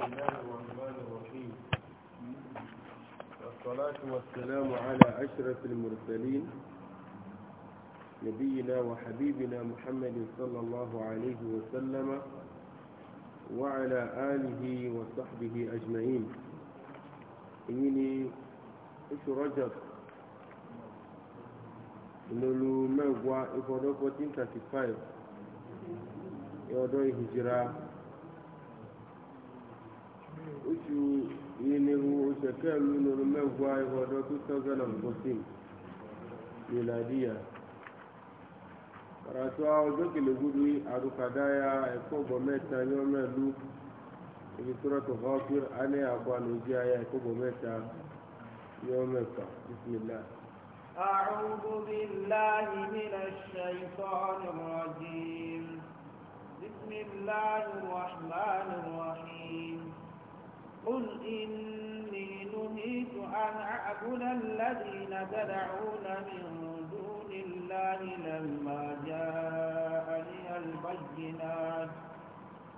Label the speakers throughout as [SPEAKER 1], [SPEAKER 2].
[SPEAKER 1] بسم الله الرحمن الرحيم والسلام على أشرف المرسلين نبينا وحبيبنا محمد صلى الله عليه وسلم وعلى آله وصحبه أجمعين إني إيش رجب ìlòlù mẹ́wàá ìfọdọ́fọ́ 1435 ẹ̀ọ́dọ́ هجرة oṣù ìyẹnìwó oṣù kẹrin nínú mẹ́wàá ìwọ̀dọ̀ 2014 miladiya karatu ọjọ́ kele gudu arukadaya ẹ̀kọ́ bọ̀ mẹ́ta yọ mẹ́lu ibi tó rẹ̀ tó alẹ́ àgbà lójú ayé ẹ̀kọ́ bọ̀ mẹ́ta yọ mẹ́ta bisimilah.
[SPEAKER 2] أعوذ بالله من الشيطان الرجيم بسم الله الرحمن الرحيم قل إني نهيت أن أعبد الذين تدعون من دون الله لما جاءني البينات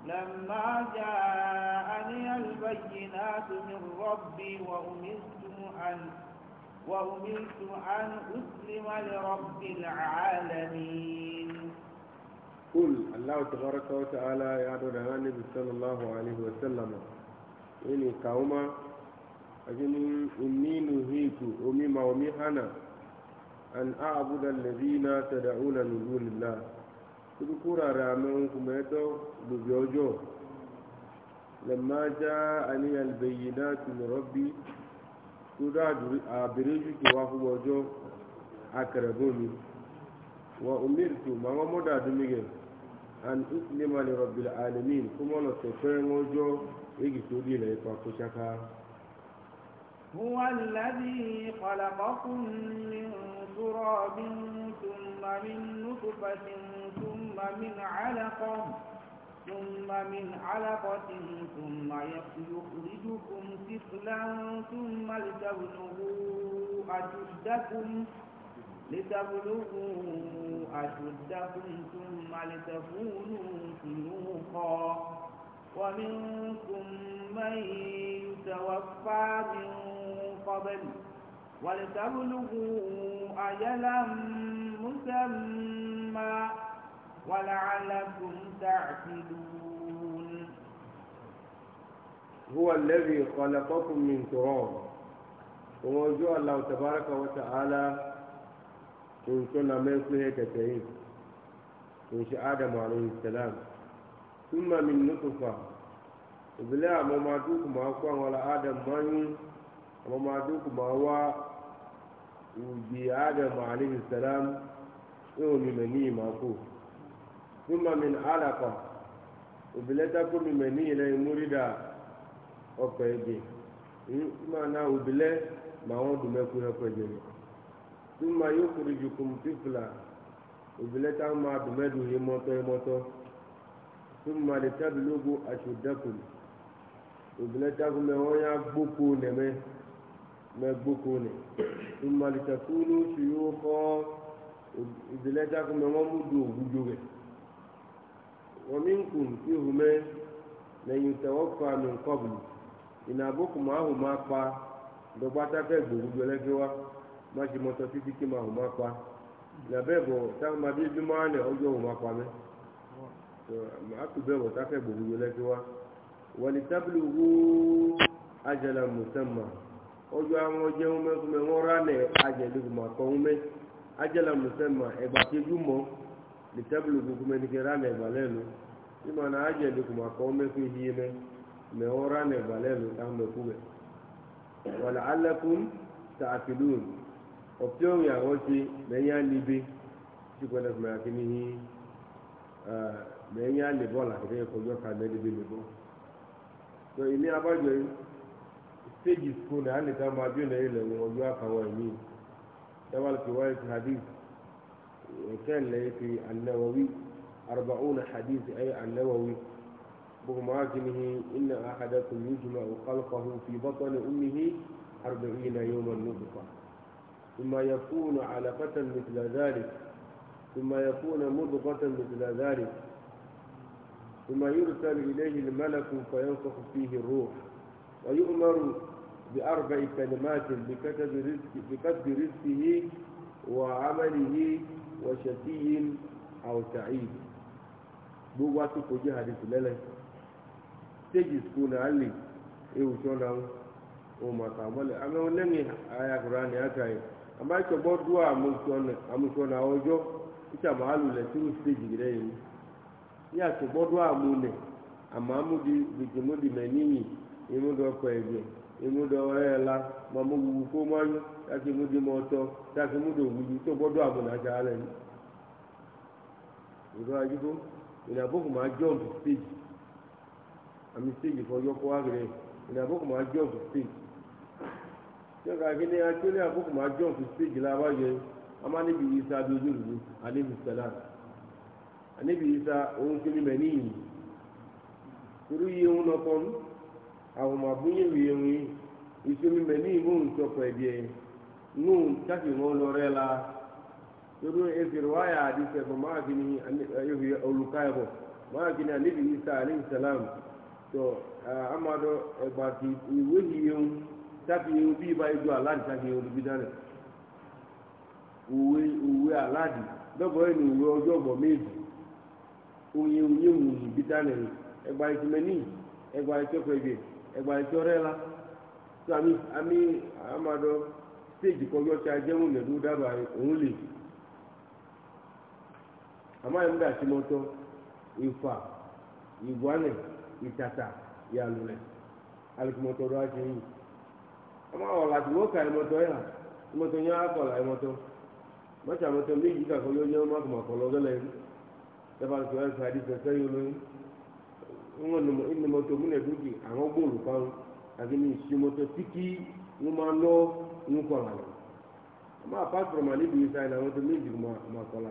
[SPEAKER 2] لما جاءني البينات من ربي وأمرت أن وأمرت أن أسلم لرب العالمين
[SPEAKER 1] قل الله تبارك وتعالى يا نبي صلى الله عليه وسلم ini kauma ajini inni nuhitu omi ma omi hana an a'budu alladhina tad'una min dunillah kudu kurara men kuma to lujojo lamma ja'ani albayyinatu min rabbi kudu abiriju ki wa huwojo akrabu wa umirtu ma dumige an uslima li rabbil alamin kuma na tafiyar wajo igi tobi na ifa ko shaka
[SPEAKER 2] هو الذي خلقكم من تراب ثم من نطفة ثم من علقة ثم من علقة ثم يخرجكم طفلا ثم لتبلغوا أجدكم لتبلغوا أشدكم ثم لتكونوا شيوخا ومنكم من يتوفى من قبل ولتبلغوا أجلا مسمى ولعلكم تعتدون
[SPEAKER 1] هو الذي خلقكم من تراب وموجوع الله تبارك وتعالى in suna mai su ya tattayin in shi adamu alaihi salam thumma min nutfa ibla a ma duk ma kwan wala adam man amma ma duk ma wa ubi adam alaihi salam o ni mani ma ko thumma min alaka ibla ta ko ni mani la murida o ko ege hmm, ma na ibla ma won du me ko ko ege túmọ̀ yóò kúrò jùkùn fífìlà òbílẹ̀ táwọn máa dùn mẹ́dùn yìí mọ́tọ́ yìí mọ́tọ́ túmọ̀ lè tábìlógún aṣòdẹ́kùn òbílẹ̀ táwọn mẹ́ wọ́n yá gbókò nẹ̀mẹ́ mẹ́ gbókò nẹ̀ túmọ̀ lè tẹ̀kúrú ṣùyó kọ́ òbílẹ̀ táwọn mẹ́ wọ́n mú dùn òwúdò rẹ̀ wọ́n mí kùn fíhùmẹ́ lẹ́yìn tẹ̀wọ́ fa mi kọ́bùlù ìnàbókùn máa hù máa pa dọ́gbátá fẹ́ gbòógbó lẹ́gbẹ́ wa má ṣe mọ́tọ́ títí kí máa hùmá pa làbẹ́ bọ̀ táwọn máa bí júmọ́ àná ọjọ́ hùmá pa mẹ́ àtúbẹ̀ bọ̀ táfẹ́ gbòòrò lẹ́jọ́ wa wọ́n ní tábìlì wó ajẹ́lá mùsàmà ọjọ́ àwọn jẹun mẹ́kúnmẹ́ wọ́n rálẹ̀ ajẹ́lẹ́gùnmá kọ́hún mẹ́ ajẹ́lá mùsàmà ẹ̀gbà kejì mọ́ ní tábìlì gbogbo ní kẹ́ rálẹ̀ ẹ̀gbà lẹ́nu ìmọ̀ náà ajẹ́lẹ́gùnmá kọ́hún mẹ́kún yíyẹ mẹ́ mẹ́ wọ́n rálẹ̀ ẹ̀gbà lẹ́nu táwọn mẹ́kú mẹ́ wàlẹ́ alẹ́kùn ọ̀pẹ́ òyìn àwọn ṣe mẹ́yìn àlebe tí kò lẹ́sùn mẹ́ra kìíní hí mẹ́yìn àlebọ́ làkìtẹ́ yẹn kọjọ́ ká mẹ́rin bí lebọ́. tó ilé abájọ yìí stéèjì fún ní àlètá máa bí ọ̀nà ilẹ̀ wọn ọjọ́ àkàwọn ẹ̀mí dábàlù kí wáyé ti hadith ẹ̀kẹ́ lẹ́yìn ti anáwọ̀wí arba'un hadith ẹ̀yẹ anáwọ̀wí bùkùnmọ́ akínihì iná àkàdàkùn yìí jùlọ ثم يكون علقة مثل ذلك ثم يكون مضغة مثل ذلك ثم يرسل إليه الملك فينفخ فيه الروح ويؤمر بأربع كلمات بكتب رزقه وعمله وشقي أو سعيد gbogbo atukọ̀ jẹ́ àdìsí lẹ́lẹ̀ stéèjì skul náà lè ewu tí wọ́n náà ń mọ̀ta amáyítọ̀ bọ́ dúró àmùsọ̀nà ọjọ́ ìṣe àmàlù lẹ̀ tí ó ṣe jìgìrẹ́ yìí ní àtọ̀bọ́ dúró àmúlẹ̀ àmàmúdi bìtìmúdi mẹ́nìyì ìmúdọ̀kọ̀ ẹ̀gbẹ́ ìmúdọ̀rẹ́ ẹ̀la màmúwùwù kó mọ́yún dákìmúdi mọ́tọ́ dákìmúdi òwúyí tó bọ́ dúró àmúnàjà alẹ́ ní. ìrọ̀ àdìgbò ìnàbókù máa jọ́ọ̀bù stage àmì stage fọyọ́kọ́ àgbẹ̀ ìnàbókù máa jọ́ọ̀bù stage nígbà kíní akíní àbúkù máa jọ̀ fún stéèjì lábàjẹ́ amánibi isa dojú ìlú alebi sẹ́lá alebi isa òun kiri mẹ́ níyì kúrú yìí òun nọkọ́ àwọn ọmọ abúnyẹ̀ wìí òun yìí ìsomi mẹ́ mú òun sọ̀kọ̀ káfí wọn lọ la torí efiri wáyà máa máa isa amadu ẹgbàá ti ìwé yìí tábìlì ewu bí ibà ijó aláàdì tábìlì ewu níbi dáná òwe òwe aláàdì lọ́bọ̀ yẹn ní òwe ọjọ́ ọgbọ̀n méjì òye òye wù níbi dáná yìí ẹgbà ìtìmẹ́nì ẹgbà ìtọ́fẹ̀gbẹ̀ ẹgbà ìtọ́rẹ́lá tó àmì àmì àmàdọ stéèjì kọjọ́ tí a jẹ́wọ́n nẹ̀dú dábàá òun lè àmọ́ ẹ̀ ń bẹ̀ àti mọ́tọ́ ìfà ìgbọ́nẹ̀ ìtàtà ìyàlùrẹ̀ alùpùpù mọ́tọ́ ọ̀dọ́ àti yìí. ọmọ àwọn làtí wọ́n kà ẹ̀mọ́tọ́ yà ẹ̀mọ́tọ́ yẹn akọ̀là ẹ̀mọ́tọ́ mọ́tì àmọ́tọ́ méjì kàkọ́ yóò yẹ ọmọ àkọ́mọ́kọ́ lọ́gẹ́lẹ́ tẹ́fàtì wọ́n fà á di sẹ́sẹ́ yóò lóyún ńlọ mọ́tò múnẹ̀ dúkì àwọn gbòòlù kan àti ní ìṣimọ́tò tíkì ń máa lọ ń kọ̀là lọ tó méjì máa kọ́lá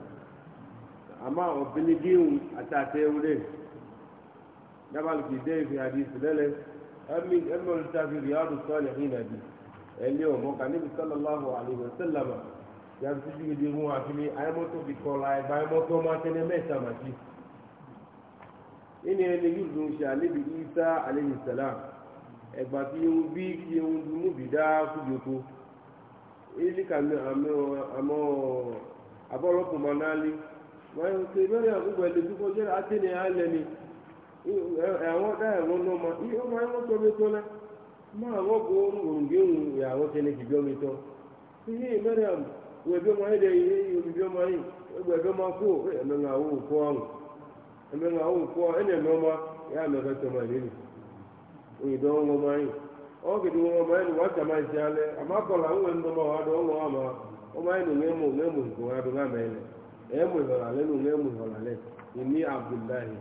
[SPEAKER 1] amma obini biyun a ta ta yau ne da malki dai fi hadisi lalle an min an mun ta fi riyadu salihin nabi ele o mo kan ni sallallahu alaihi wasallam ya fi ji di mu a fi ni ay mo to bi ko lai ba mo to ma tene meta ma ji ini ele yuzu sha ali bi isa alaihi salam egba ti yun bi ki yun du mu bi da ku joko ili kan mi amo amo abọ́lọ́kùnmọ́ náà wọ́n ṣe bẹ́rẹ̀ àgbègbè lẹ́dúkọ́ jẹ́ àtẹnì alẹ́ ni àwọn dá ẹ̀wọ̀n náà ma yìí ó máa ń wọ́n e tó náà máa wọ́n kó òrùngbé òun ìyàwó tẹ́lẹ̀ kìí bíọ́mi tọ́ ṣíṣe ìbẹ́rẹ̀ wẹ̀ bí ọmọ ayédè yìí omi ọmọ ẹgbẹ́ kó ọ̀hún ọmọ ẹ̀mù ìhọ̀rà lẹ́nu ẹ̀mù ìhọ̀rà lẹ́ ìní abdullahi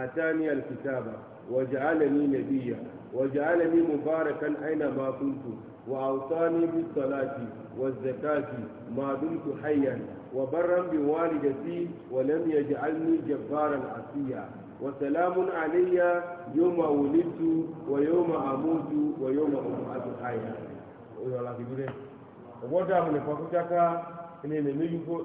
[SPEAKER 1] àtàní alkitaba wàjàálẹ̀mí nàbíyà wàjàálẹ̀mí mubarakan aina ma kuntu wa awsani bis salati wa zakati ma dumtu hayyan wa barran bi walidati wa lam yaj'alni jabbaran asiya وسلام علي يوم ولدت ويوم اموت ويوم ابعث حيا ولا كبيره وبدا من فكك ان لم يجوز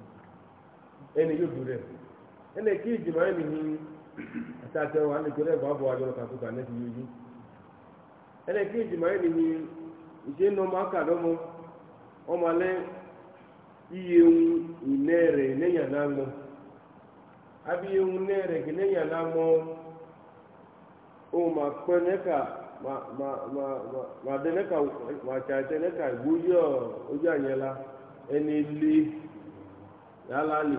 [SPEAKER 1] ẹni yóò dùn rẹ̀ ẹni kí ìjìmọ̀ ẹni ní àtàtẹ̀ wà nìkan rẹ̀ bàbá wa yọrọ kàtó kàn lẹ́sìn yóò yí ẹni kí ìjìmọ̀ ẹni ní ìṣe ń nọmọ akàdọ́mọ ọmọ alẹ́ iye ohun ìnẹ́ rẹ̀ lẹ́yìn àná lọ àbí iye ohun ìnẹ́ rẹ̀ yàrá lè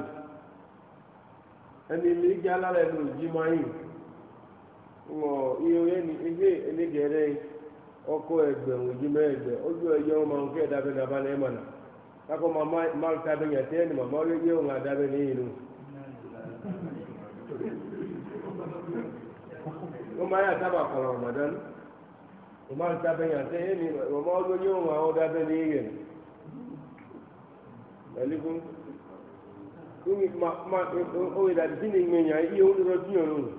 [SPEAKER 1] ẹni lè gé alára ẹni òjì máa ihe ńlọ iye ọkọ ẹgbẹrún òjì mẹẹgbẹ ojú ẹyẹ ọmọ àwọn kẹẹdá bẹ nàbà náà ẹmọ náà kakọ mama máa ta bẹ yàtẹ ẹni màmá ọlẹ yẹ òun àdá bẹ yà ta o ìdàbìtì ní gbẹ̀yà iye owó lọ́dọ̀ tí yàn lónìí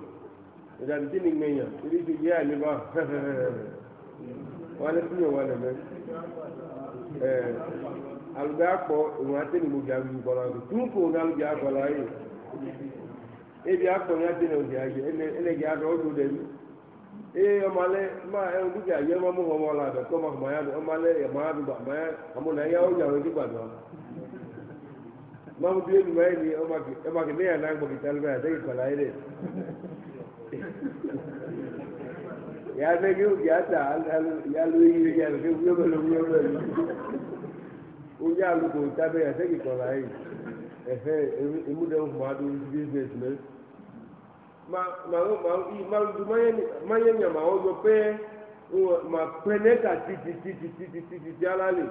[SPEAKER 1] ìdàbìtì ní gbẹ̀yà torí ti yé àlébà wọn lé tí yàn wà lẹ́mẹ́ alùpùpù akpọ̀ ìwọ̀n atẹ́nu gbòógì àwùjọ kọ́lá rẹ̀ tún kò ní alùpùpù akọ̀lá yìí ebi ní ee ma ma ya ọmọ alẹ ẹ̀mọ́ adùgbà ma ya àmọ́ nà ya ọjà mamu bi olu mayi ni ọmọ kìíní yà náà gbọ̀gì tálíbà yà sẹ́yìn kọ̀lá yìí dẹ̀. yà á fẹ́ẹ́ yóò yà á ta yà á lo iye yà á fẹ́ wúyọ́ bẹ́ẹ̀ lọ wúyọ́ bẹ́ẹ̀ lọ. ó yà á lu kò tábẹ́ yà sẹ́yìn kọ̀lá yìí ẹ̀fẹ́ emúdẹ́wò fún wa dún business mẹ́. máa yẹ nyàmà ọjọ́ pé mà pẹ́ nẹ́ta títí títí títí títí alálẹ̀.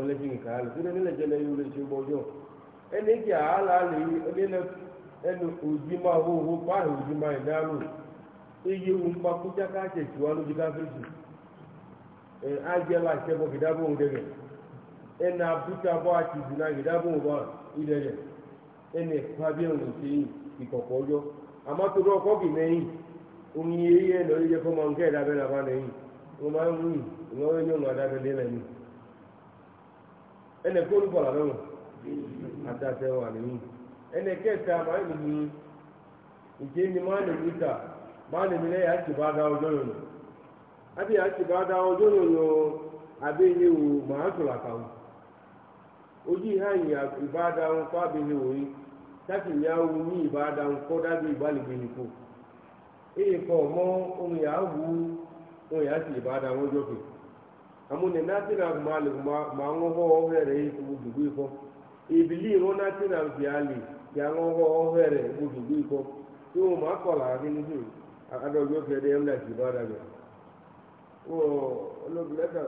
[SPEAKER 1] olefi nke alụ sị ndị na-ejele ya ọjọọ ene ala alụ yi onye na enu ojima ma kwa ahụ uji ma ịda alụ iyi wu mgbakwụcha ka acha echiwa alụ ji gafechi ajela achebọ gidabụ ngege ena abụcha abụ achizi na gidabụ ngwa ene kwabie ikọkọ amatụrụ ọkọ gị n'eyi onye ihe na onye nke na ba ẹnẹ kó olúbọ̀ làbẹ́ wọn àtàtẹ wà nìyí ẹnẹ kẹta máa ń nìyí ìjẹ ni máa ń nìyí ta máa ń nìyí lẹ́yìn àti bá dá ọjọ́ yòó àti àti bá dá ọjọ́ yòó nù wò máa ń sọ̀rọ̀ àkàwọ̀ ojú ìhàyìn wọn ní wọn amune natinag malik ma ŋoho ohere udugu iko ibili ŋo natinag biali ya ŋoho ohere udugu iko tiwo ma kola akini hin adojo kede emla kibada ge o olobuleta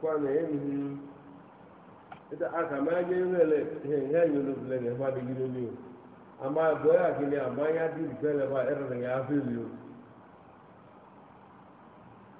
[SPEAKER 1] kwana emi hin ita aka ma he he ni ama ama ya di ba ya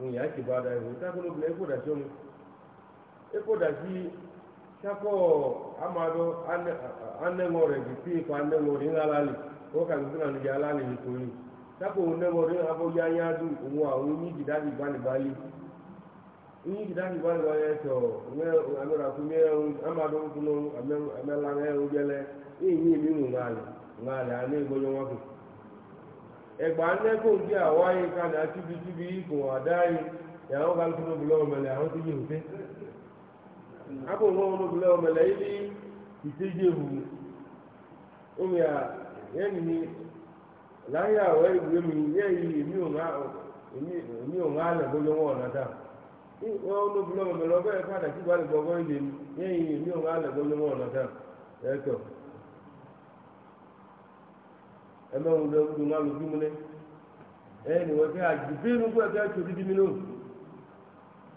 [SPEAKER 1] òyìn àti ìbáda ìwò sákòló bìlẹ̀ èkó dàsí omi èkó dàsí sákò amadu anẹ́wọ̀ rẹ̀ bí pé ipa anẹ́wọ̀ rẹ̀ ńlá lálẹ́ wọ́n kà ní fúnra nìyí alálẹ́ ètò yìí sákò onẹ́wọ̀ rẹ̀ abọ́jú ayáàdù òun àwọn oníjì dábì gbalìbalì oníjì dábì gbalìbalì amadu ńlá ńlá wọn kù. ẹgbà nẹ́kọ̀ ń jẹ́ àwáyé kalẹ̀ àtibítibí ikùn àdáyé ya kálukú lóbulẹ̀ ọmọlẹ̀ àwọn tó yẹ òfin. akọ wọn lóbulẹ̀ ọmọlẹ̀ yìí ní ìtẹ́jẹ́ hù omi à yẹn ni láyé àwọ̀ ìwé mi yẹ́ yìí èmi ò ń ọ̀nà mi ẹmẹ́wọ̀n lọ ẹ̀rú ńlá lójú mi lẹ ẹ̀yìn wọ́n fẹ́ àjùbí inú fún ẹ̀fẹ́ tó dídí mi lọ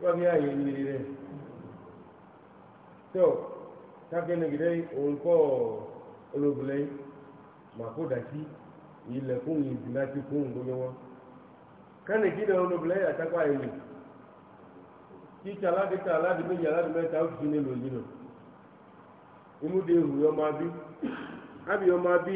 [SPEAKER 1] wọ́n fi àyè ìrírí rẹ̀ tó káfíń nìgídẹ́ òun kọ́ olóbìnrin màkó dàtí ilẹ̀ fún ìdìlá ti fún gbogbo wọn kánìkì náà olóbìnrin àtàkọ́ àyè nìyí títí aládìka aládì méjì aládì mẹ́ta ó fi ní lòlí nù imúde ìhù yọ máa bí ábì yọ máa bí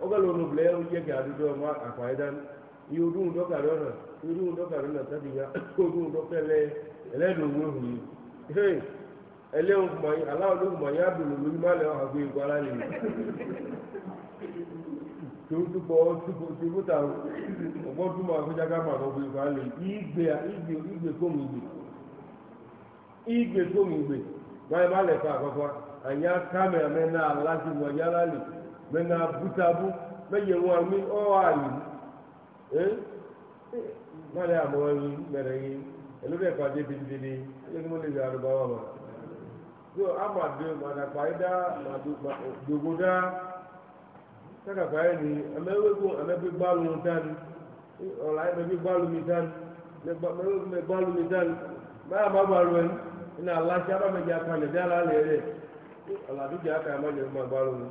[SPEAKER 1] ogalo no ble o ye ga do ma akwaidan yudu ndo ka na yudu ndo ka do na tabi ya odu ndo pele ele do wo hu he ele o ma yi ala o ya ma le ha ni tu tu bo tu bo tu bo ta ma ko ma do gbe gwara ni igbe igbe igbe igbe igbe ko igbe ba le anya kamera me na mo mɛ na butabu mɛ yɛ ŋun ami ɔwani ɛ mɛ amɔ yi mɛ lɛ yi ɛlɛ bɛ kpa de bindini ɛlɛ ni mo le yɛ ma so ama do ma na kpa yi da ma do ma dogo da saka kpa yi ni ame wo ko bi ɔla mɛ mi mɛ gba mɛ mi mɛ ama aba mɛ lɛ bi ala lɛ yɛ ɔla do ma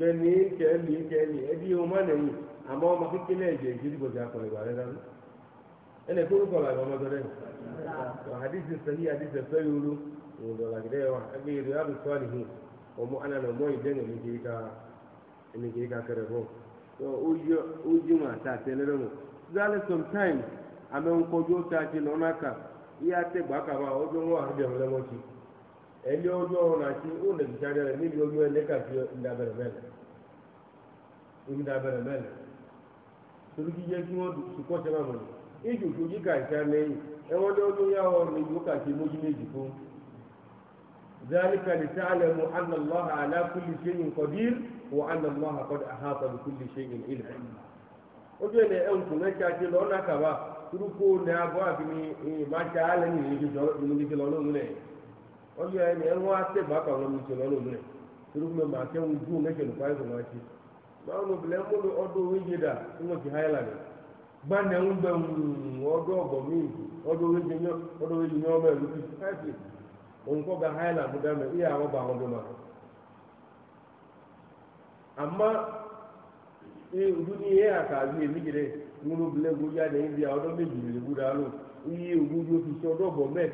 [SPEAKER 1] kẹ́ni kẹ́ni kẹ́ni ẹbí ọmọ nẹ̀yìn àmọ́ ọmọ kékeré ẹ̀jẹ̀ ìdílé gbọ̀dọ̀ akọ̀lẹ̀ ìgbà rẹ̀ dáná ẹnì kó lóko làgbà ọmọ gbọdọ̀ yìí àdìsí sẹ́yìn àdìsí ẹ̀fẹ́ yòló òun lọ làgídẹ́ wa ẹgbẹ́ yìí rẹ̀ àbùsọ àlìhù ọmọ alànà ọmọ ìdẹ́nu ẹni kìí ká kẹrẹ fún ó jí àti zálẹ̀ ó ẹni ojú ọrùn àti òun ètò sáré rẹ níbi ojú ẹni kàfi ìdàbẹ̀rẹ̀ mẹ́lẹ̀ ìdàbẹ̀rẹ̀ mẹ́lẹ̀ torí jíjẹ́ kí wọ́n sùkọ́ sẹ́ máa mọ̀lẹ́ ìjù tó yí lẹ́yìn ẹwọ́n tó tó yá ọrùn ìjù kàfi mójú méjì fún. ذلك لتعلموا أن الله على كل شيء قدير وأن الله Ọ ẹni ẹ wọ́n á a bá kàwọn ọrụ ìṣẹ̀lẹ̀ ọlọ́run rẹ̀ torí fún mi màá tẹ́ wọn dún lẹ́kẹ̀ nípa ẹ̀sùn wọn ti máa ń obìnrin mú mi ọdún oríṣi dà tí wọ́n ti háìlànì gbani ń bẹ ọdún ọgbọ̀ míì ọdún oríṣi ní ọdún oríṣi ti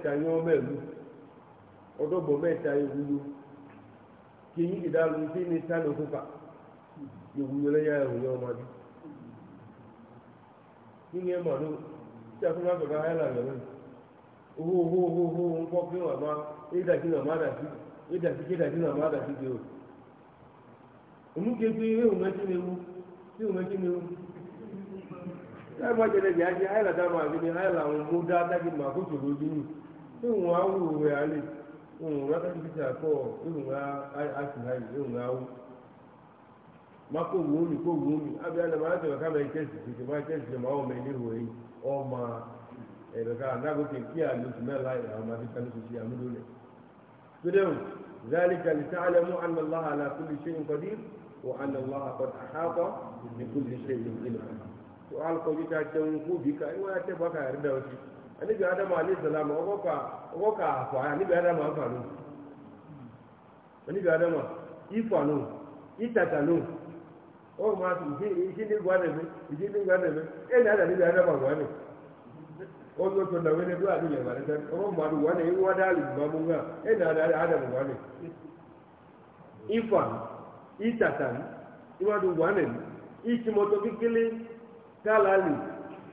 [SPEAKER 1] ga odógbò mẹ́ta ìwúyo kí yín ìdálò sí ní sálò kúkà ìwúyo lẹ́yà ìwúyo ọmọdé nínú ẹ̀ màdó tí a fún wa kọ̀ọ̀kan ayé làlẹ́ owó owó owó owó ń kọ́ pé o òmùképe ewu ewu ewu mẹ́tí ewu máa ohun e e wa kájú fi àkọ ihun wa àtìláyì ihun wa wú má kó wù mí kó wù mí abẹ́ àdàmà àti ọ̀ká mẹ́rin kẹ́sì tètè má kẹ́sì tètè má ọmọ ẹni wò yìí ọmọ ẹ̀rọ̀ká àdàgòkè kí àlòsù mẹ́la àwọn ọmọ àti kanú sòsì àmúlò rẹ̀. sídẹ̀wò ذلك لتعلموا أن الله على كل شيء قدير وأن الله قد أحاط بكل شيء علما. سؤال قوي كاتم كوبي كأنه أتبقى أردوتي anabi adamu alayhi salam ọkọ ka ọkọ ka afọ anabi adamu afa no anabi adamu ifa no itata no ọkọ ma sọ ìdí ìdí ní gba nẹbi ìdí ní gba nẹbi ẹ nà anabi adamu agba nẹ ọkọ tó nà wẹlẹ bí adu yẹ gba nẹbi ọkọ ma do ewu ada alu gba mu nga ẹ nà adamu gba nẹ ifa itata ìwádìí gba nẹbi ìtìmọ̀tò kékeré kálá nìyí.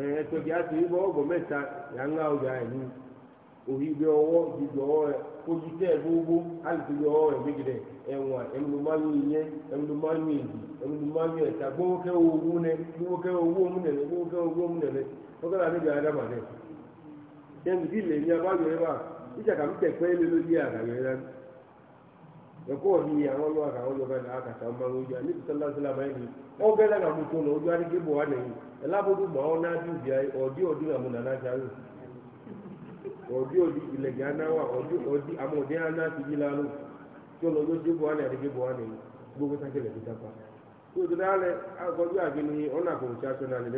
[SPEAKER 1] ẹ̀ẹ́dẹ́gbẹ́ bí a ti rí bọ́ ọgbọ̀n mẹ́ta yà ń lá ọjà ẹ̀ ní òhìgbé ọwọ́ gbígbé ọwọ́ rẹ̀ kojú tẹ́ ẹ̀ gbogbo alùpùpù ọwọ́ rẹ̀ gbígbé ẹ̀wọ̀n ẹ̀mùlùmánú ìyẹn ẹ̀mùlùmánú èdè ẹ̀ta owó ẹ̀kọ́ ọ̀hìn àwọn ọlọ́wà àwọn ọlọ́wà náà kàtà ọmọ ojú àní ti sọ́lá sílá máa ń di ọgbẹ́ náà kàmú tó lọ ojú àdìgé bò wá nìyí ẹ̀lábòdù mọ́ ọ náà dùn bíi ọdí ọdún àmú nàná sáré ọdí ọdí ilẹ̀ gánà wà ọdí ọdí àmú ọdí àná ti yí lánà tó lọ ojú bò wá nìyí àdìgé bò wá nìyí gbogbo sákẹ́lẹ̀ ti dápa. tó o ti dáhàlẹ̀ agbọ́jú àgbẹ̀ni ọ̀nà kò ṣe aṣọ nàlẹ́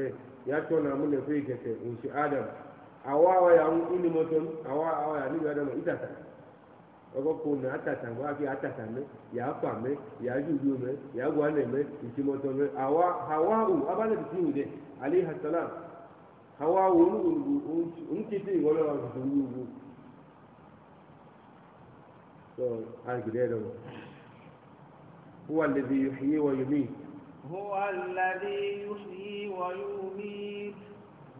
[SPEAKER 1] bẹ́ẹ̀ yà ọkọkọ na atata mgbe afọ atata ya afa me ya juju me ya gwa na me nchimọtọ me awa hawau abana bitin de alayhi salam hawau onugbu nkiti ìwọlọ ọtụtụ ugwu so agide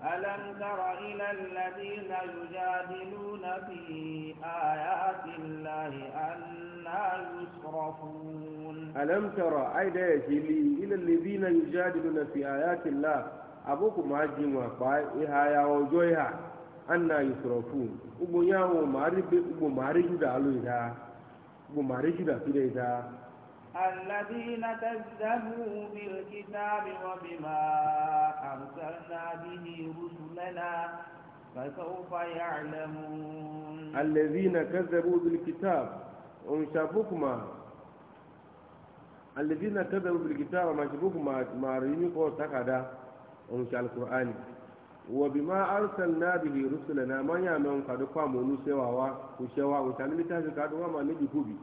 [SPEAKER 2] ألم تر إلى الذين يجادلون في آيات الله أنا يصرفون
[SPEAKER 1] ألم تر أيدا يجلي إلى الذين يجادلون في آيات الله أبوكم عجم وقاي إها يا وجوها أنا يصرفون أبو يا ومعرب أبو معرج دالو إذا أبو معرج دالو إذا
[SPEAKER 2] الذين كذبوا بالكتاب وبما أرسلنا به رسلنا فسوف يعلمون الذين
[SPEAKER 1] كذبوا بالكتاب ومشابكما الذين كذبوا بالكتاب ومشابكما ما رينيكو تكدا ومشا القرآن وبما أرسلنا به رسلنا ما يعمل قد قاموا نسوا وشوا وشانمتها كادوا ما نجي كوبي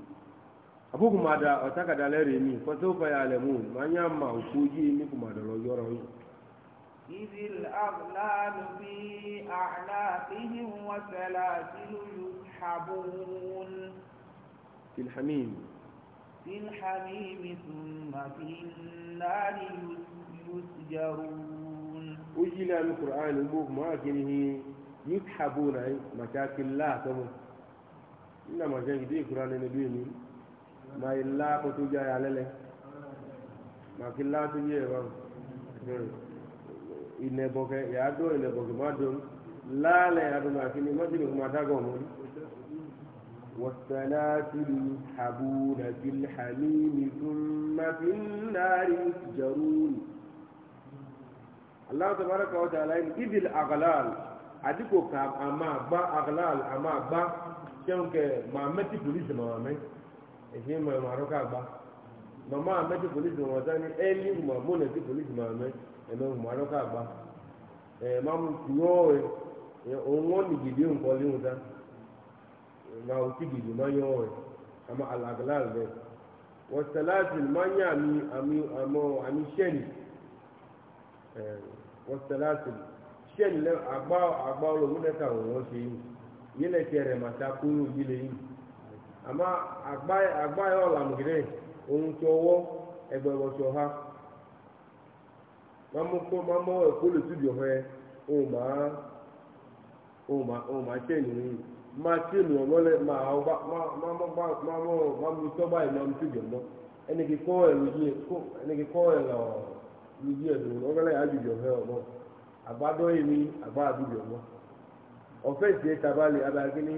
[SPEAKER 1] abugu mada otaka dalere mi kwa sofa ya alemu manyama ukuji mi kumadolo yoro yi
[SPEAKER 2] idil aghlalu bi a'naqihim wa salasilu yushabun fil hamim fil hamim thumma fin nari
[SPEAKER 1] yusjarun ujila mi qur'an mbugu ma kinihi yushabuna mashakillah tamu ina majangidi qur'an ne duyi ma ilá kótó jẹ́ ayálẹ́lẹ́ màkì ilá tó yé ẹ̀rọ ìnẹ̀bọ̀kẹ́ yàá dó ìnẹ̀bọ̀kẹ́ má dó lálẹ́ àdùnnà kí ni mọ́tì nìkan máa dágọ̀ mọ́ والسلاسل يسحبون في الحميم ثم في النار يسجرون Allah tabaraka wa ta'ala in idil aghlal adiko ka ama ba aghlal ama ba kyanke ma mati police ma mai èsì mọ̀ ẹ̀mọ̀ àrọ́kà gbá màmá àmẹ́tí polisi wọn sá ní ẹ́ẹ́lì mọ̀ mọ́nẹ̀tì polisi mọ̀ ẹ̀mẹ́ ẹ̀mẹ́ ẹ̀mọ̀ àrọ́kà gbá ẹ̀ máa mú tìyọ́ ẹ̀ òun wọ́n ní gidi nǹkan lé wọn sá nga o ti gidi máa yọ ẹ̀ àmọ́ àlàgbélà rẹ̀ wọ́n sẹ́láàtì máa ń yẹ àmì àmì àmọ́ àmì sẹ́ẹ̀lì ẹ̀ wọ́n sẹ́láàtì sẹ́ẹ̀lì àgbá àgbá olóògùn lẹ́ta àmọ́ àgbáyọ̀ làmùgìrẹ́ ohun tí ọwọ́ ẹgbẹ́ ẹ̀wọ̀ tí ọha mámọ́ ẹ̀kọ́ lè túbi ọ̀hẹ́ ohun máa ohun máa tẹ̀lé ní máa tẹ̀lé ọ̀lọ́lẹ̀ máa ọba máa mú tọ́ba ìlú ọmọ túbi ọ̀mọ́ ẹni kì kọ́ ẹ̀ lọ lójú ẹ̀dùn ọ̀gọ́lẹ̀ àjùbì ọ̀hẹ́ ọ̀mọ́ àgbádọ́ èmi àgbá àjùbì ọ̀mọ́ ọ̀fẹ́ ìṣe tabalẹ̀ abàgínní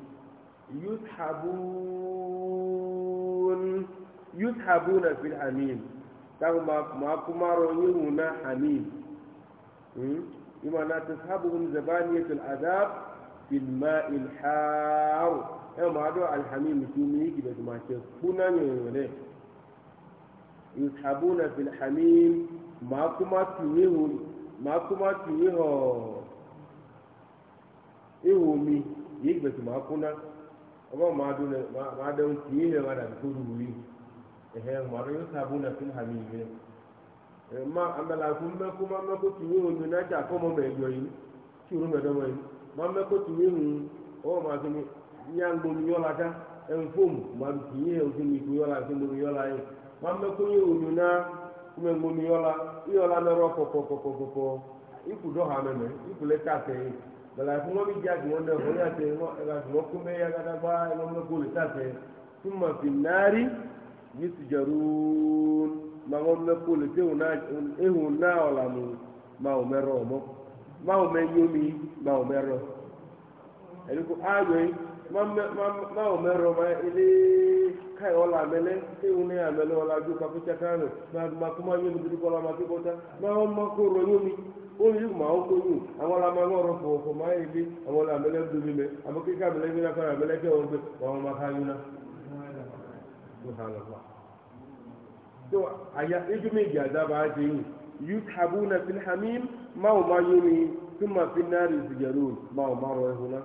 [SPEAKER 1] يذهبون يذهبون في الحميم تاو ما ما كمارو يرونا حميم إما لا تذهبهم زبانية العذاب في الماء الحار إما هذا الحميم يسميه كده ما تفهمنا يقولون يذهبون في الحميم ما كما تيهون ما كما تيهون إيهومي يكبت ما كنا Ọ máa dẹ́hùn kì í lè wà ma amẹ́làkú mẹ́kú má mẹ́kú tì wé òun náà jà kọ́ mọ́ mẹ́jọ yìí tí òun mẹ́dọ́mọ́ yìí má mẹ́kú tì wé òun ọmọ máa fi ní yàngbo mi yọ́la dá ẹ̀hún fóòmù máa fi yé òfin bala fún wọn bí jẹ àgbọn dẹ fún yàtẹ àgbọn kún bẹ yàgàdà bá ẹwọn mẹkọ lè sàfẹ fún ma fi nàárí yìí sì jẹrú ma wọn mẹkọ lè tẹ ehun náà ọlànà ma wọn mẹrọ ọmọ ma wọn mẹ yomi ma wọn mẹrọ ẹni kò àgbẹ ma wọn mẹrọ ma ilé káyọ ọlà mẹlẹ ehun náà mẹlẹ ọlà ju kakútsaka rẹ ma kó ma yomi dúdú kọlá ma kó bọta ma wọn mẹkọ rọ yomi. oyi ma ọkọ yi àwọn la ma ŋọrọ fọ fọ ma yi bi àwọn la mẹlẹ mẹ àmọ kíkà fara kẹ wọn gbé wọn ma ka yi na subhanallah so aya ibi mi di adaba adi yi yuthabuna fil hamim ma o ma yomi tuma fi nari zigarun ma ma rọ ehuna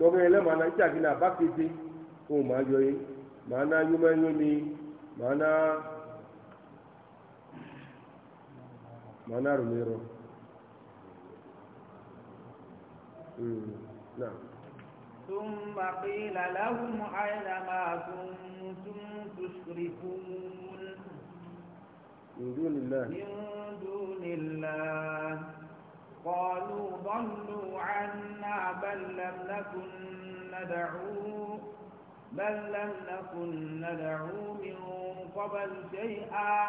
[SPEAKER 1] dɔgɔ yɛlɛ ma na itsaki na ba kete ma yɔ ye ma na yomi yomi na. maana Romero mm. نعم
[SPEAKER 2] ثم قيل لهم أين ما كنتم تشركون من دون الله من دون الله قالوا ضلوا عنا بل لم نكن ندعو بل لم نكن ندعو من قبل شيئا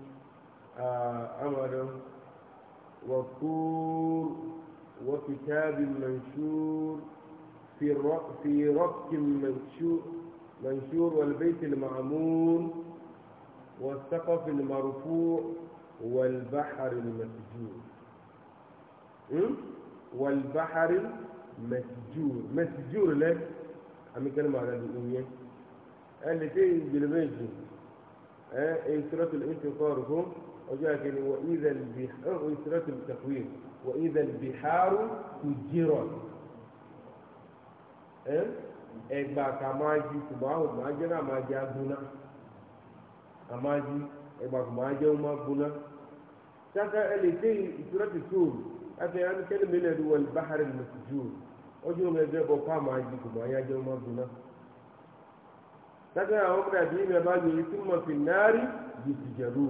[SPEAKER 1] عملا وطور وكتاب منشور في في ربك منشور منشور والبيت المعمور والسقف المرفوع والبحر المسجور والبحر المسجور مسجور لك أمي كلمة على الدنيا التي بالمجد ايه سورة الانتصار هم ọjọ́ ìkíni wọ ìsirẹ́tù tẹ̀fúyè wọ ìdẹ̀lbìhárù tùjírọ̀ ẹgbà kà máa jí ṣùgbọ́n àwọn máa jẹ́ náà máa jẹ́ agbóná àmáa jí ẹgbà kà máa jẹ́ ọmọ agbóná. sáka ẹlẹ́tẹ́ ìsirẹ́tù tóòrù àti ẹnikẹ́ni mílẹ̀ ẹ̀dùn wọlé báhárẹ̀ mùsùlùmí ọjọ́ ìwé ẹgbẹ́ bọ̀ pa máa jí ṣùgbọ́n ayé ajẹ́ ọmọ agbóná. sáka àwọn ọmọdé àbí ìmẹ̀ bá yọ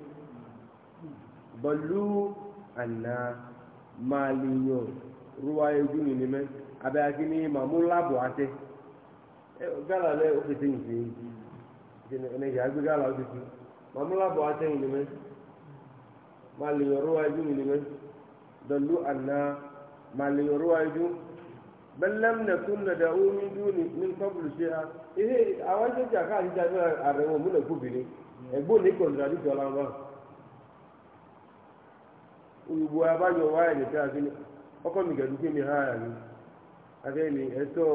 [SPEAKER 1] bọ̀lú àná máa lè yọ ruwa ojú mi ni mẹ́ abẹ́ akíní màmú láàbò àtẹ gálà lẹ ó fètè yìí ṣe ẹnẹ yà gbé gálà ó màmú láàbò àtẹ yìí ni mẹ́ máa lè yọ ruwa ojú mi ni mẹ́ bọ̀lú àná máa lè yọ ruwa ojú bal lam nakun nad'u min duni min qablu shay'a eh àwọn jẹ́ jàkà àti jàkà àrẹ̀wọ̀n múlẹ̀ kóbìnrin ẹ̀gbọ́n ní kọ̀ǹdàdì jọ̀la wọn. gbogbo abájọ wáyà lè fẹ́ àfihàn ọkọ mi gàdú pé mi hàn àyà ni ẹ̀tọ́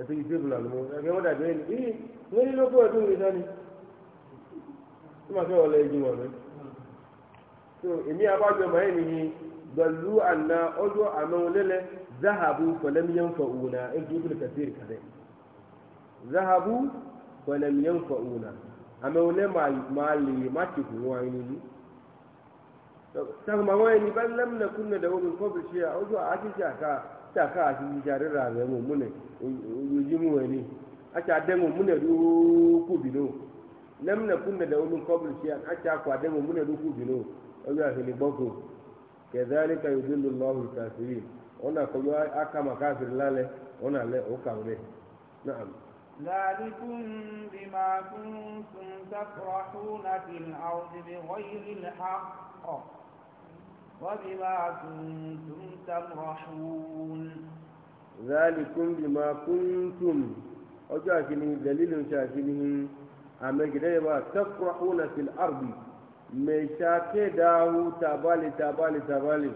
[SPEAKER 1] ẹ̀tọ́ yìí tébùlù àlùmọ́ akẹ́ wọ́n dàbí ẹni ẹ̀ wọ́n ní lọ́kọ́ ẹ̀tọ́ mi sani tí màá wọn so èmi abájọ màá yẹn nìyí gbẹ̀lú àná ọjọ́ àná zahabu pẹ̀lẹ́mìyàn òwúna e zahabu òwúna màá lè má wọn sàgbà wọn ẹni bá lẹ́mìnà kúnnà dẹ̀wọ́ mi kọ́bù ṣe ojú àti ṣàkà àti ìjàrí rà a mọ̀ múnẹ̀ ojúmọ̀ ẹni àti àdẹ́mọ̀ múnẹ̀ lókùbì náà lẹ́mìnà kúnnà dẹ̀wọ́ mi kọ́bù ṣe àti àkọ́ àdẹ́mọ̀ múnẹ̀ lókùbì náà ojú àfẹnì gbọ́kù kẹ̀dáríkà
[SPEAKER 2] ذلكم بما كنتم تفرحون في الأرض بغير الحق وبما كنتم تمرحون
[SPEAKER 1] ذلكم بما كنتم أجاكني دليل شاكنه أمجدبا تفرحون في الأرض مشاكي داو تبالي تبالي تبالي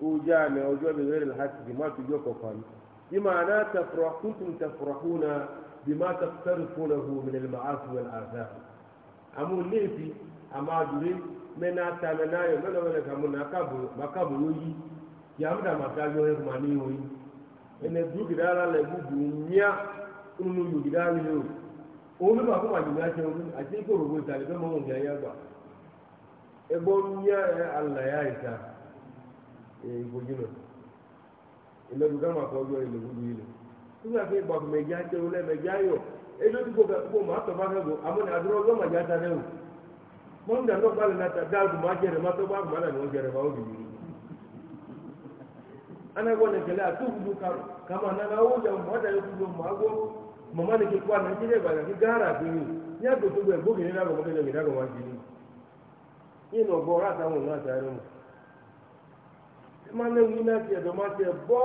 [SPEAKER 1] وجامع وجوه بغير الحق ما تجوكم بمعنى تفرحون تفرحون bima taqtarifunahu min al-ma'asi wal azab amu lefi ama dure mena tana nayo mena wala kamu nakabu makabu yoyi yamda matajo he mani yoyi ene du gidala le bu dunya unu yu gidala yo onu ba kuma ni nacho unu ati ko rogo tale do mo ngi aya gba e bo nya e alla ya ita e bo jino ile du kama ko jo ile bu du ile nígbà pé bàbá mẹjá jẹun lẹ mẹjá yọ edo tí kò kò mọ àtọ̀bá fẹ́ bò àmọ́ ní adúrọ̀ lọ́mọ ìjà ta lẹ́wọ̀ mọ́nìjà náà bá lè na ta dáàbò má jẹrẹ má tọ́ bá àgùnmá náà ni wọ́n jẹrẹ má ó bì yìí. anagbọ́ nìkẹ́lẹ́ àtúkùdù kàmá nana owó jà mọ́ àtàlẹ́ kúndùn mọ́ àgbo mọ́mọ́ ni kíkọ́ àná jíde ìbàdàn kí gáàrà àbíyìn ní àgbètò gbẹ gbókè ní dàgbà mọ́kẹ́lẹ́ mi dàgbà wá sí i. yín nà ọgbọ́ ọ̀rá àtàwọn ọ̀nà àtàrẹ́ mu. ẹ má lẹ́wọ̀n yín náà tiẹ̀ dọ̀ má tiẹ̀ bọ́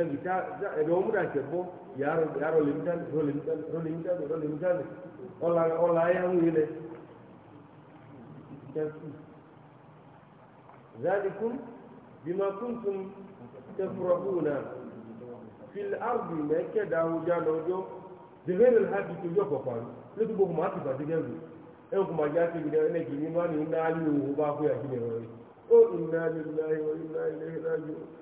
[SPEAKER 1] ẹbí tá ẹbí wọn múra kẹfọ yàrá olèmítàní olèmítàní olèmítàní ọlà ọlà ayáwó yìí lẹ kẹfù zanikun bimakuntun kẹfùrọ̀kùnà fil ardi mẹkẹdà awùjá lọjọ dèbèrè hàbí tó yọ pọpọ lótú gbogbo màá ti bàtí gẹrù ẹn kò má já sí ìdílé ẹnẹ kì í ní má ní ní bá kó yà kí ni ó ìnáyà ní ìnáyà ìnáyà ìnáyà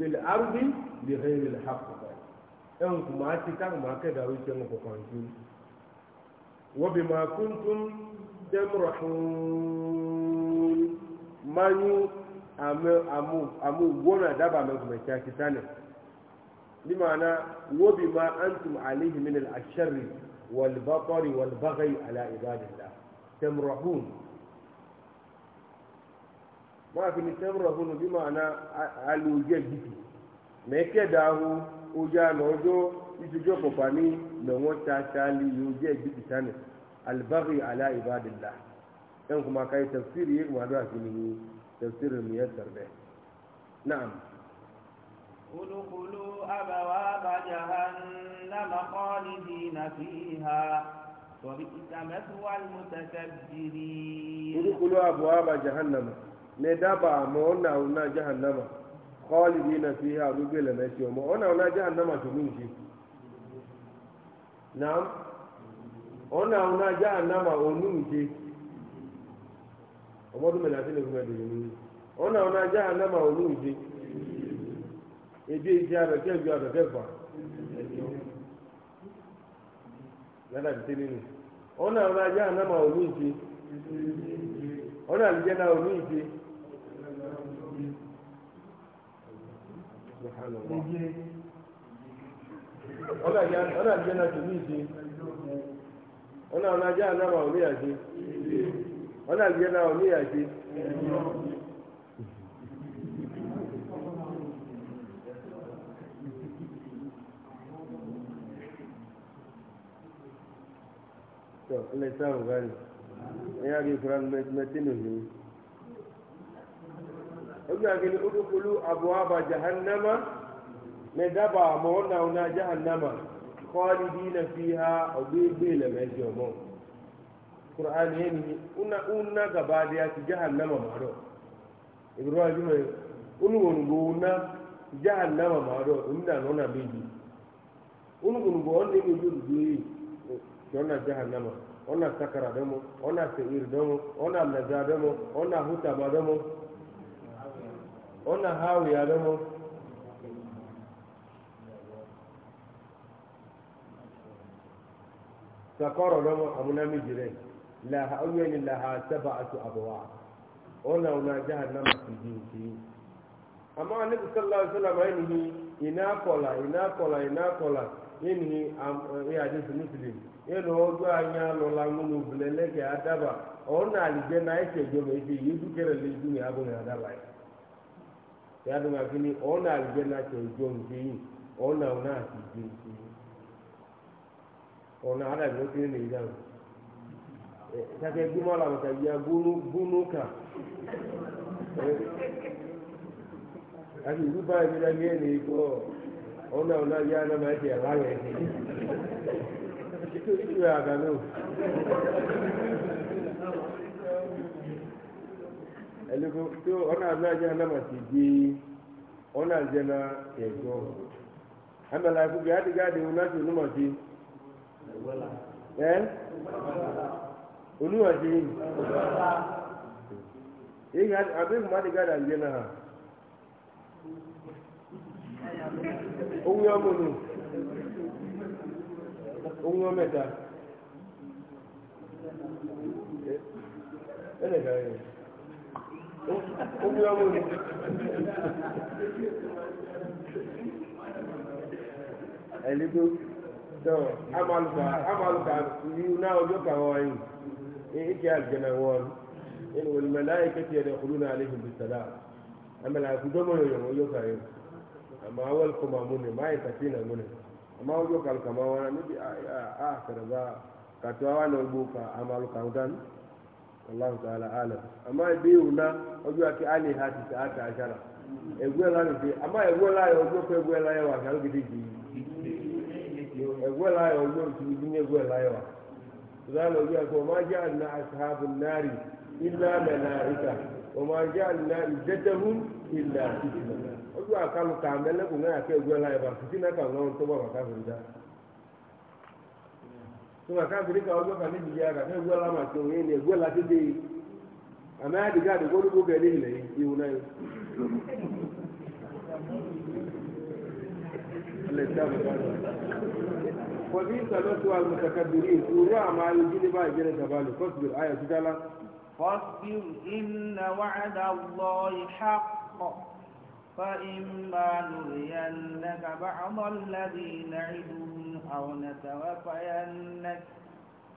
[SPEAKER 1] في الأرض بغير الحق إن كما تتعلم كذا ويتعلم كنتم وبما كنتم تمرحون مانو أمو أمو أمو ونا دابا مكما تاكتانا بمعنى وبما أنتم عليه من الأشر والبطر والبغي على عباد الله تمرحون maa fi ni sẹ́wúrọ̀ fún bí maa na alu jẹ́ gidi mẹ́kẹ́dà ahu ọjà lọ́jọ́ ìtújọ́ pọ̀pá ní lọ́wọ́ tààtàlì yóò jẹ́ gidi sani alibari ala ibadillah ẹn kò máa ka yẹ tẹ̀síìrì yẹ kò máa dọ́ àti nìyí tẹ̀síìrì mi yẹ sẹ̀rẹ̀ naam.
[SPEAKER 2] olùkùlù àbàwà bàjẹ́ hàn lámàkọ́ nìdí nàfíìhà. وبئس مثوى المتكبرين
[SPEAKER 1] ادخلوا ابواب جهنم ne daba ma ona una jahannama khalidina fiha bibila na ti ma ona una jahannama to min ji nam ona una jahannama onun ji omodu me lati le kuma de ni ona una jahannama onun ji ebi iji abe ke ju abe ke fa nada bi tenini ona una jahannama onun ji ona alijana onun ji
[SPEAKER 2] ọ̀nà àjẹ́ náà
[SPEAKER 1] tòmí ìṣe ọ̀nà ọ̀nà ajá náà wà òní àṣe ọ̀nà àjẹ́ náà òní àṣe. Ilé sáà ń gbani, ẹ̀yà kí Kúrán mẹ́tínú yìí. ogbàgbé udukulu abuwaba jahannama mɛ daba mɔɔ nawuna jahannama khalidina fiha ogbegbe lɛmɛjɔ mɔ qur'an yɛ ni una una gabaadaya ti jahannama ma dɔ ibrahim yɛ unugunungu jahannama ma dɔ omina nɔna meji unugunungu ɔn ne meji odudu jahannama na sakara dɔmɔ ɔna se'ir dɔmɔ na laza wannan hawu ya zama sakọrọ lọmọ amuna na rẹ laha laha sábà a su abuwa ọ̀nà jahannama jihar na masu àmọ́ anabi sallallahu alayhi wa sallam ẹni hi iná kọlà iná kọlà iná kọlà ẹni hi ẹ àdéhùn muslim ẹni ọjọ́ anya lọ́la ńlọ́nù bilẹ̀ lẹ́kẹ̀ẹ́ adaba ọ̀nà na náà ẹ̀ṣẹ̀ ìjọba ẹ̀ṣẹ̀ yìí adaba ya dùn àfi ni ọ̀nà àlùjẹ́nà tó jọ nǹkan yìí ọ̀nà ọ̀nà àti jọ nǹkan yìí ọ̀nà ara ìlú kiri nìyí dáhùn kàkẹ́ gbúmọ́ làwọn kàkẹ́ ya gbónú kà àti ìlú báyìí ni dáhùn yẹn nìyí kọ́ ọ̀nà ọ̀nà yà ọ̀nà máa ti ẹ̀rọ ayọ̀ ẹ̀sìn yìí ìtura àgàdo ẹlẹ́kọ̀ọ́ tó ọ̀nà àbílájẹ́ alámàtì di ọ̀nà àjẹnà ẹ̀gbọ́ amẹ́la ẹ̀kú bí adìgáàdì wọn láti onímọ̀tì ẹ́ onímọ̀tì yìí àbẹ́kùn adìgáàdì àjẹnà ha owó ọmọ nù owó ọmọ ẹ̀ta ẹ̀ ẹ̀ lẹ́ka ẹ̀ ó bí ọmọ rẹ̀. ẹ̀lẹ́gbẹ́ tó amaluka amaluka yìí náà ọjọ́ kan wáyé èyí kí àgbẹ̀nà wọ́n ẹni wọ́n mẹ́ láyé kẹ́tì ẹ̀dẹ̀ kúrú náà lè fìbí sàdá àmàlà àkùdọ́ mọ̀ yọ̀yọ̀ ọjọ́ kan yìí àmà awọ́l kọ́ màmú ni kàtí nà mú ni àmà ọjọ́ kan wọn níbi àkàrà kàtó àwọn ọgbó ka amaluka ń dánú. Allah ta'ala alam amma bai wuna ọjọ́ àti alẹ́ ha ti sàátà àṣàrà ẹ̀gbẹ́ la lè fi àmọ́ ẹ̀gbẹ́ la yọ ọjọ́ fẹ́ ẹ̀gbẹ́ la yọ wà káló gidi jì ẹ̀gbẹ́ la yọ ọjọ́ ìtìlú bí ẹ̀gbẹ́ la yọ wà sọ́dọ̀ ọjọ́ àti ọmọ ajá àná asahabu nari ilá mẹ́la ìta ọmọ ajá àná ìdẹ́tẹ̀hún ilá ọjọ́ àkàlù náà àti amma ya diga da gwani ko gani ne yiwu na yau
[SPEAKER 2] Allah ya samu gani wa bi
[SPEAKER 1] salatu al mutakabbirin ura ma yujini ba gina tabalu fasbir aya su tala
[SPEAKER 2] fasbir inna wa'ada Allah haqq فإما نرينك بعض الذي نعدهم أو نتوفينك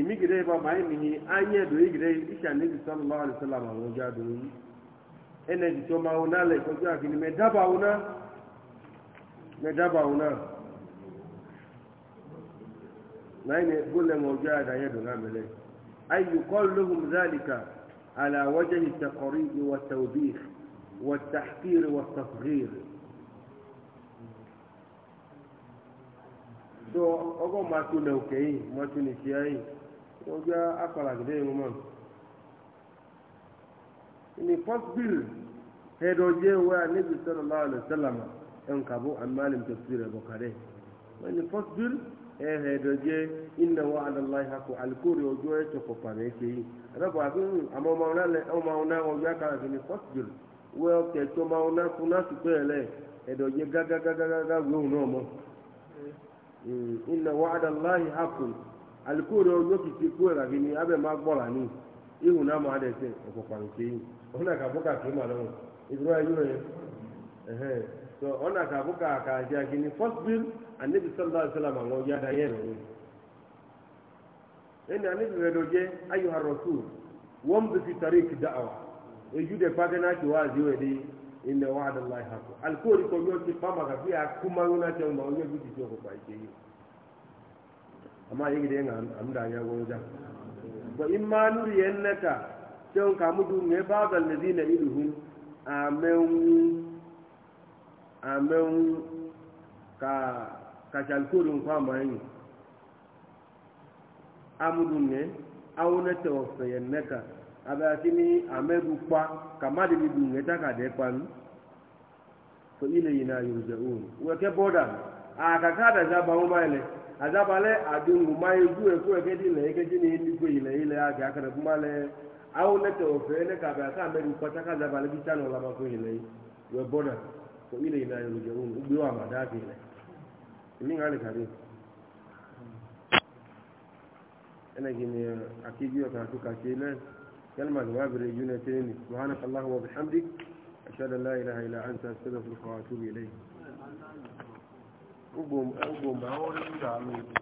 [SPEAKER 1] imigire ba ma imihi anya do igire isha nabi sallallahu alaihi wasallam awoja do yi ene di to ma ona le ko ja kini me daba ona me daba ona naine gole mo ja da ye do na mele ay yuqalluhum zalika ala wajhi taqrir wa tawbih wa tahqir wa tasghir so ogo ma tu le okeyi ma tu ni ti ayi ọjọ́ ní wọ́n ní pọ́sbìl ẹ̀dọ̀jẹ́ inna wa'da Allahi haqqun alukóri ọjọ́ ẹ̀tọ́ pọ̀pà náà ṣe yìí rẹ́pọ̀ àti àmọ́ ọmọ ọ̀nà ọjọ́ ọmọ ọ̀nà náà sùpẹ́ ya lẹ́ ẹ̀dọ̀jẹ́ gágágágágá gbóhùn náà mọ́ inna alikóòdù ọjọ́ kìkì kó ẹ̀rà kìíní abẹ́ máa gbọ́ làní ihò náà máa dẹ̀sẹ̀ ọ̀pọ̀ pàǹkì yìí ọ̀nà kàbọ́kà kìí mà lọ́wọ́ ìdúró ayé rẹ̀ ẹ̀hẹ́n so ọ̀nà kàbọ́kà kàjì àkìíní first bill anabi sallallahu alayhi wa sallam àwọn ọjà dá yẹn rẹ̀ ẹni anabi rẹ̀ dọ̀jẹ́ ayò arọ̀tù wọ́n bẹ fi tari kì dá àwà èyí dẹ̀ pàkẹ́ náà ti wá àzí wẹ̀ dé ilẹ̀ wàhálà láì hàkó alikóòdù kọjọ́ ti pàmà kàfíà kúmáyó náà ti amma yigi de ngam am da nya go ja wa imma nuriyannaka don ka mudu ne babal ladina iduhum amen amen ka ka jalkurun kwa mai amudun ne awon tawaffayannaka abati ni amedu pa kamadi ni dunge taka de panu to ile ina yurjaun wa ke boda akakada za ba mu azabale adungu maye gue kue kedi le kedi ni ni gue ile ile age akana kuma le au le te ofe le ka ba ka me kupata ka azabale bi tano la mako ile we bona ko ile ile ayo je un ubi wa madaki ile ni ngale kadi ene gini akijio ka tuka chile kalma ni wabire yune tini subhanak allah wa bihamdik ashhadu an la ilaha illa anta astaghfiruka wa atubu ilayk ugboma ọrụ ndị ala obodo